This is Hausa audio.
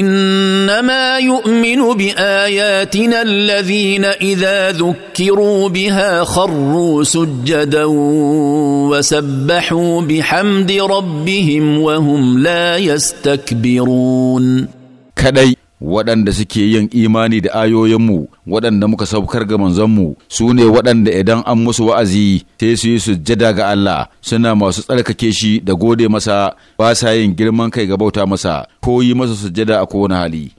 انما يؤمن باياتنا الذين اذا ذكروا بها خروا سجدا وسبحوا بحمد ربهم وهم لا يستكبرون waɗanda suke yin imani da ayoyinmu waɗanda muka saukar ga manzonmu su ne waɗanda idan an musu wa'azi sai su yi sujjada ga Allah suna masu tsarkake shi da gode masa ba sa yin girman kai ga bauta masa ko yi masa sujjada a kowane hali